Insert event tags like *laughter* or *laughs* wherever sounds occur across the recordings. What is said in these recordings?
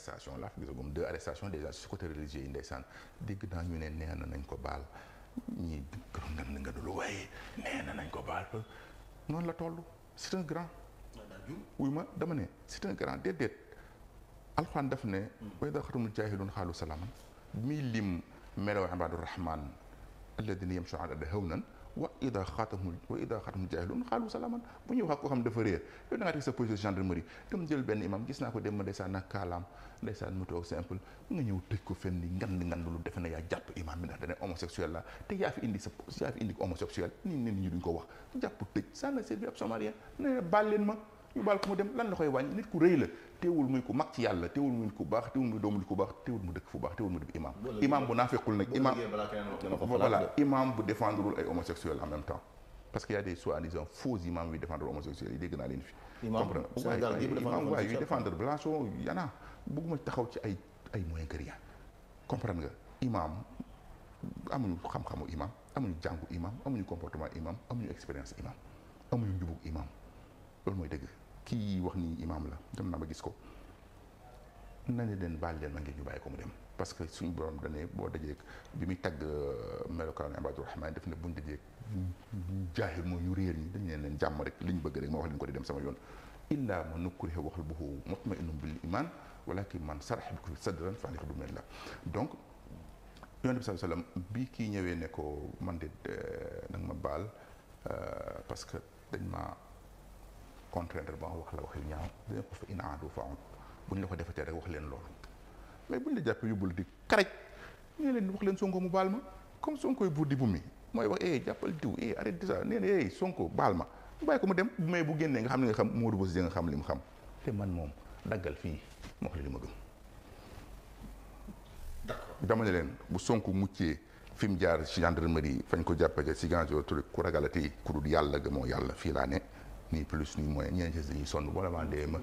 arrestation laa fa gisagum deux arrestations déjà si côté religieux yi ndeysaan dégg naa ñu ne nee na nañ ko baal ñii gërëm nañ nga dul waaye nee na nañ ko baal noonu la toll c'est un grand. wuy ma dama ne c'est un grand déedéet alxuraan daf ne. way da xatumul jaahiluun xaalu salaaman. melo muy lim meloo ibaadu rahmaan alladina yamshuuna al ardi hawnan wa ida xaatamul wa ida xaatamul jaahiluun xaalu salaaman bu ñuy wax ak xam dafa réer yow da teg sa police gendarmerie tam jël benn imam gis naa ko dem ma ndeysaan ak kaalaam ndeysaan mu toog simple nga ñëw tëj ko fenn ngand ngand lu defe na yaa jàpp imam bi ndax dana homosexuel la te yaa fi indi sa yaa fi indi homosexuel nii ne ñu duñ ko wax jàpp tëj ça ne sert absolument rien ne baal leen ma ñu baal ko mu dem lan la koy wàññi nit ku rëy la teewul muy ku mag ci yàlla teewul muy ko baax teewul muy doomu nit ku baax teewul mu dëkk fu baax teewul mu def imam imam bu naafequl nag imam y a des soi-disant faux imams yuy défendre homosexuels yi dégg naa leen fi comprendre imam waaye yuy défendre blanchon yana bëgguma taxaw ci ay ay amuñu xam-xamu imam amuñu jàngu imam amuñu comportement imam amuñu njubug imam loolu mooy dëgg kii wax nii imaam la dem naa ba gis ko na ne leen baal leen ma ngeen ñu bàyyi ko mu dem parce que suñu borom dane boo dajee bi muy tagg euh, melokaanu ibaadu rahmaan def ne buñ dajee jaahil moo ñu réer ñi dañ leen leen jàmm rek li ñu bëgg rek ma wax leen ko di dem sama yoon illaa man ukriha wa qalbuhu mutma'innun bil iman walakin man sharaha bihi sadran fa alayhim min la donc yonent sa sallallahu alayhi wasallam bi kii ñëwee ne ko man de euh, nag ma baal euh, parce que dañ ma contraindre ba wax la wax yu ñaaw dina bu ñu la ko defatee rek wax leen loolu mais bu ñu la jàppee yóbbul di karaj nee leen wax leen Sonko mu baal ma comme Sonko buur di mooy wax eh, jàppal diw eh arrête ça eh, baal ma bàyyi ko mu dem mais bu génnee nga xam li nga xam Modou Bousso Dieng nga xam li mu xam te man moom daggal fii ma wax la li ma gëm. d'accord dama ne leen bu Sonko muccee fi mu jaar ci gendarmerie fañ ko jàppee ci gàncax gi ku ragalati ku dul yàlla gëmoo yàlla fii laa ne. ni plus ni moins ñeneen ci dañuy sonn boo demandé ma.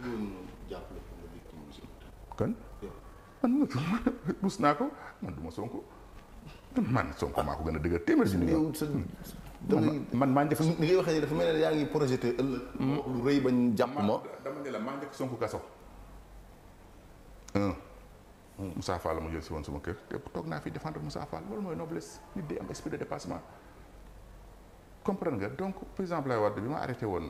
kon man nag *laughs* rus naa ko man du ma sonko man sonko maa ko gën a dëgër téeméer si yow man maa njëkk li ngay waxee nii dafa mel ne yaa ngi projeté hmm? ma dama ne la kaso. un Moussa Fall ma jël si woon sama kër toog naa fi défendre Moussa Fall loolu mooy noblesse nit day am esprit de dépassement comprendre nga donc président Abdoulaye Wade bi ma arrêté woon.